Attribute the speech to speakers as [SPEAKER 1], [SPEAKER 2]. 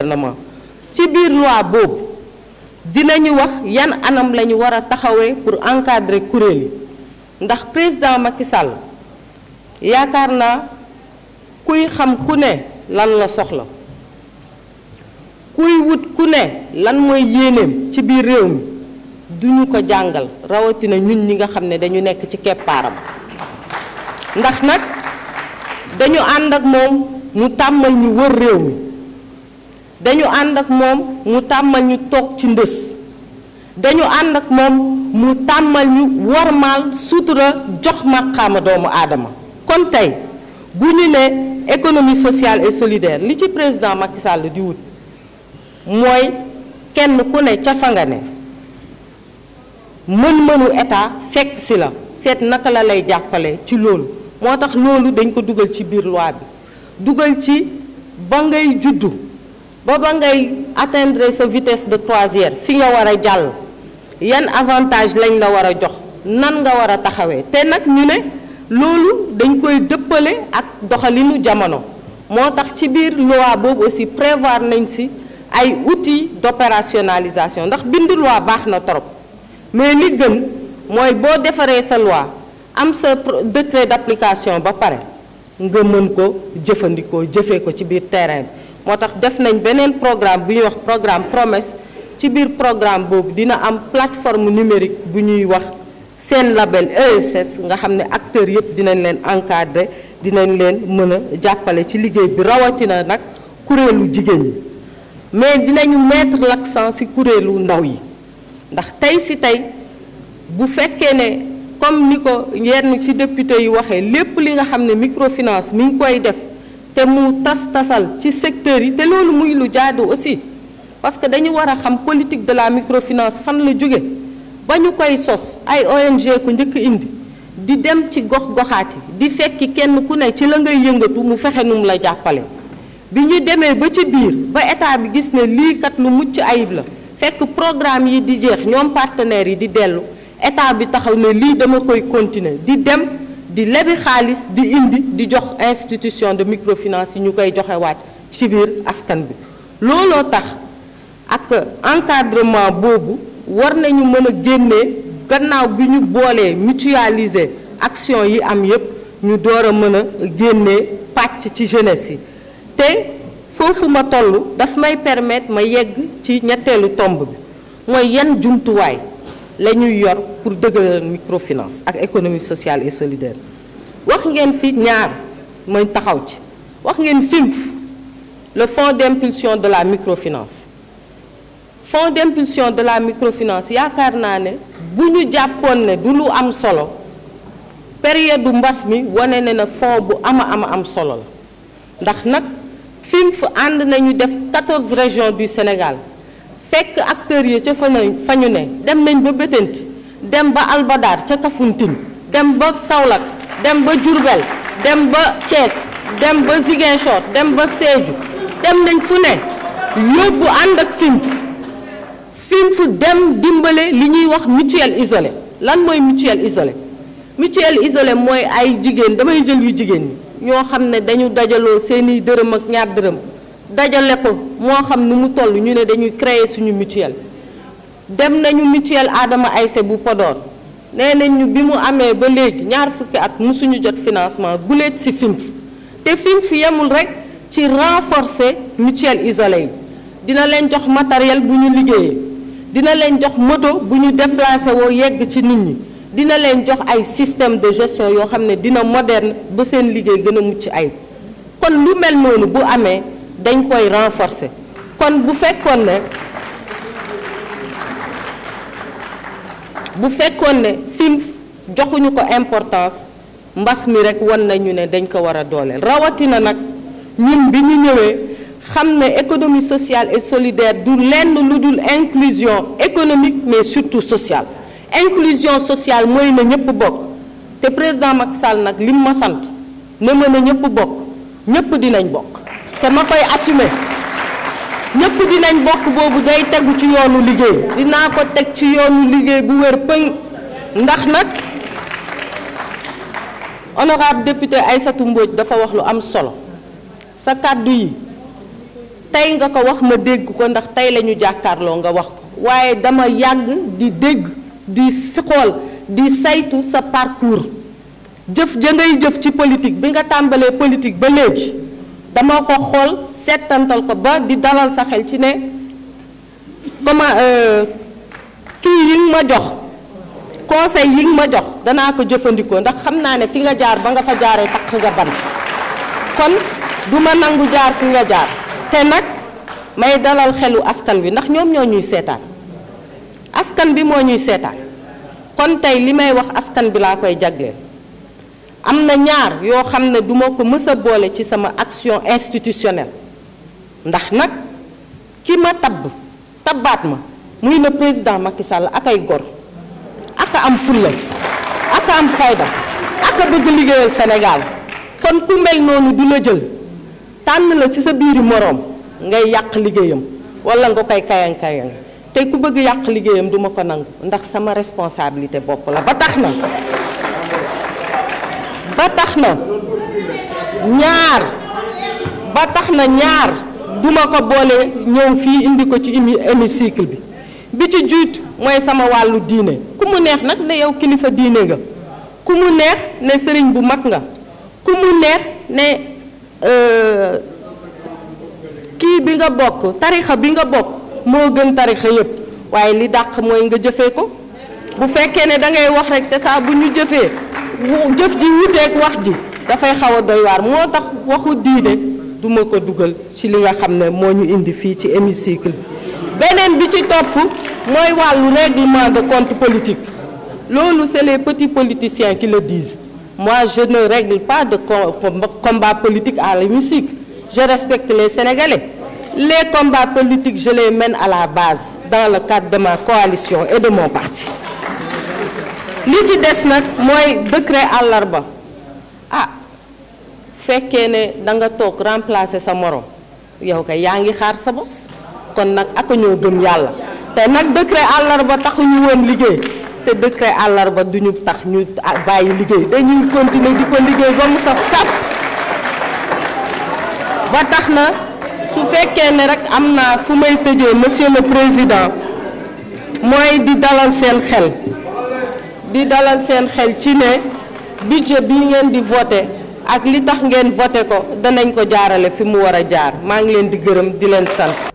[SPEAKER 1] gouvernement ci biir loi boobu dinañu wax yan anam lañu ñu war a taxawee pour encadrer kuréel ndax président Macky Sall yaakaar naa kuy xam ku ne lan la soxla kuy wut ku ne lan mooy yéeneem ci biir réew mi duñu ko jàngal rawatina ñun ñi nga xam ne dañu nekk ci keppaaram ndax nag dañu ànd ak moom mu tàmmal ñu wër réew mi dañu ànd ak moom mu tàmmal ñu toog ci ndës dañu ànd ak moom mu tàmmal ñu wormaal sutura jox maqaama doomu aadama kon tey bu ñu ne économie sociale et solidaire li ci président Macky Sall di wut mooy kenn ku ne ca fa nga ne mën-mënu état fekk si la seet naka la lay jàppale ci loolu moo tax loolu dañ ko dugal ci biir loi bi dugal ci ba ngay juddu ba ba ngay atteindre sa vitesse de croisière fi nga war a jàll yan avantage lañ la war a jox nan nga war a taxawee te nag ñu ne loolu dañ koy dëppale ak doxalinu jamono moo tax ci biir loi boobu aussi prévoir nañ si ay uti d'opérationnalisation ndax bindu loi baax na trop mais li gën mooy boo defaree sa loi am sa décret d'application ba pare nga mën ko jëfandikoo jëfee ko ci biir terrain bi moo tax def nañ beneen programme bu ñuy wax programme promesse ci biir programme boobu dina am plateforme numérique bu ñuy wax seen label ESS nga xam ne acteur yëpp dinañ leen encadrer dinañ leen mën a jàppale ci liggéey bi rawatina nag kuréelu jigéen ñi mais dinañu mettre l'accent ci kuréelu ndaw yi ndax tey si tey bu fekkee ne comme ni ko yenn ci député yi waxee lépp li nga xam ne microfinance mi ngi koy def te mu tas tasal ci secteur yi te loolu muy lu jaadu aussi parce que dañu war a xam politique de la microfinance fan la jóge ba ñu koy sos ay ONG ku njëkk indi di dem ci gox goxaati di fekki kenn ku ne ci la ngay yëngatu mu fexe nu mu la jàppale bi ñu demee ba ci biir ba état bi gis ne lii kat lu mucc ayib la fekk programme yi di jeex ñoom partenaires yi di dellu état bi taxaw ne lii dama koy continuer di dem di lebi xaalis di indi di jox institution de microfinance yi ñu koy joxewaat ci biir askan bi looloo tax ak encadrement boobu war nañu mën a génnee gannaaw bi ñu boolee mutualiser action yi am yépp ñu door a mën a génnee pàcc ci jeunesse yi te foofu tollu toll daf may permettre ma yegg ci ñetteelu tomb bi mooy yan jumtuwaay la ñuy yor pour dëgëral microfinance ak économie sociale et solidaire wax ngeen fi ñaar mooy taxaw ci wax ngeen FIMF le fonds d'impulsion de la microfinance fonds d'impulsion de la microfinance yaakaar naa ne bu ñu jàppoon ne du lu am solo période du mbas mi wane ne na fonds bu ama ama am solo la ndax nag FIMF ànd nañu def 14 régions du Sénégal fekk acteurs yi ca fa nañ fa ne dem nañ ba Bétenti dem ba Albadar ca Kafountine dem ba Kaolack dem ba jurbel dem ba Thiès dem ba Ziguinchor dem ba Sédhiou dem nañ fu ne yóbbu ànd ak fimf fimf dem dimbale li ñuy wax mutuelle isolée lan mooy mutuelle isolée mutuelle isolée mooy ay jigéen damay jël yu jigéen ñi ñoo xam ne dañu dajaloo seeni dërëm ak ñaar dërëm dajale ko moo xam nu mu toll ñu ne dañuy créer suñu mutuelle dem nañu mutuelle Adama Aïssé bu Podor nee nañ bi mu amee ba léegi ñaar fukki at musuñu jot financement guléet ci FIMF te FIMF yemul rek ci renforcer mutuelle isolée yi dina leen jox matériel bu ñu liggéeyee dina leen jox moto bu ñu déplacé woo yegg ci nit ñi dina leen jox ay système de gestion yoo xam ne dina moderne ba seen liggéey gën a mucc ay kon lu mel noonu bu amee dañ koy renforcer kon bu fekkoon ne bu fekkoon ne fi joxuñu ko importance mbas mi rekk wan nañu ne dañ ko war a dooleel rawatina nag ñun bi ñu ñëwee xam ne économie sociale et solidaire du lenn lu dul inclusion économique mais surtout sociale inclusion sociale mooy na ñëpp bokk te président Macky Sall nag lim ma sant ne ma na ñëpp bokk ñëpp dinañ bokk te ma koy assumé ñëpp dinañ bokk boobu day tegu ci yoonu liggéey dinaa ko teg ci yoonu liggéey bu wér pëñ ndax nag honorable député Aïssatou Mbodj dafa wax lu am solo sa kàddu yi tey nga ko wax ma dégg ko ndax tey lañu ñu jàkkaarloo nga wax ko waaye dama yàgg di dégg di xool di saytu sa parcours jëf ja ngay jëf ci politique bi nga tàmbalee politique ba léegi dama ko xool seetantal ko ba di dalal sa xel ci ne comment euh, kii yi nga ma jox conseil yi nga ma jox danaa ko jëfandikoo ndax xam naa ne fi nga jaar ba nga fa jaaree takk nga ban kon duma nangu jaar fi nga jaar te nag may dalal xelu askan bi ndax ñoom ñoo ñuy seetaan askan bi moo ñuy seetaan kon tey li may wax askan bi laa koy jagleel am na ñaar yoo xam ne duma ko mës a boole ci sama action institutionnelle ndax nag ki ma tabb tabaat ma muy le président Macky Sall ak ay gor aka am fulla aka am fayda aka bëgg liggéeyal Sénégal kon ku mel noonu du la jël tànn la ci sa biiri moroom ngay yàq liggéeyam walla nga koy kayang kayang te ku bëgg yàq liggéeyam duma ko nangu ndax sama responsabilité bopp la ba tax na ba tax na ñaar ba tax na ñaar duma ko boole ñëw fii indi ko ci hémicycle bi bi ci jiitu mooy sama wàllu diine ku mu neex nag ne yow kilifa diine nga ku mu neex ne sëriñ bu mag nga ku mu neex ne euh, kii bi nga bokk tarixa bi nga bokk moo gën tarixa yépp waaye li dàq mooy nga jëfee ko bu fekkee ne dangay wax rekk te saa bu ñu jëfee jëf ji wuteeg wax ji dafay xaw a doy moo tax waxu diine du ma ko dugal ci li nga xam ne moo ñu indi fii ci hémicycle beneen bi ci topp mooy wàllu règlement de compte politique loolu c'est les petits politiciens qui le disent moi je ne règle pas de combat politique à l'hémicycle je respecte les Sénégalais les combats politiques je les mène à la base dans le cadre de ma coalition et de mon parti li ci des nag mooy décret àllarba ah fekkee ne da nga toog remplacer sa morom yow kay yaa ngi xaar sa bos kon nag ak ñoo gëm yàlla te nag décret àllarba taxuñu woon liggéey te décret àllarba duñu tax ñu bàyyi liggéey dañuy continuer di ko liggéey ba mu saf sàpp ba tax na su fekkee ne rek am naa fu may tëjee monsieur le président mooy di dalal seen xel. di dalal seen xel ci ne budget bi ngeen di voté ak li tax ngeen voté ko danañ ko jaarale fi mu war a jaar maa ngi leen di gërëm di leen sant.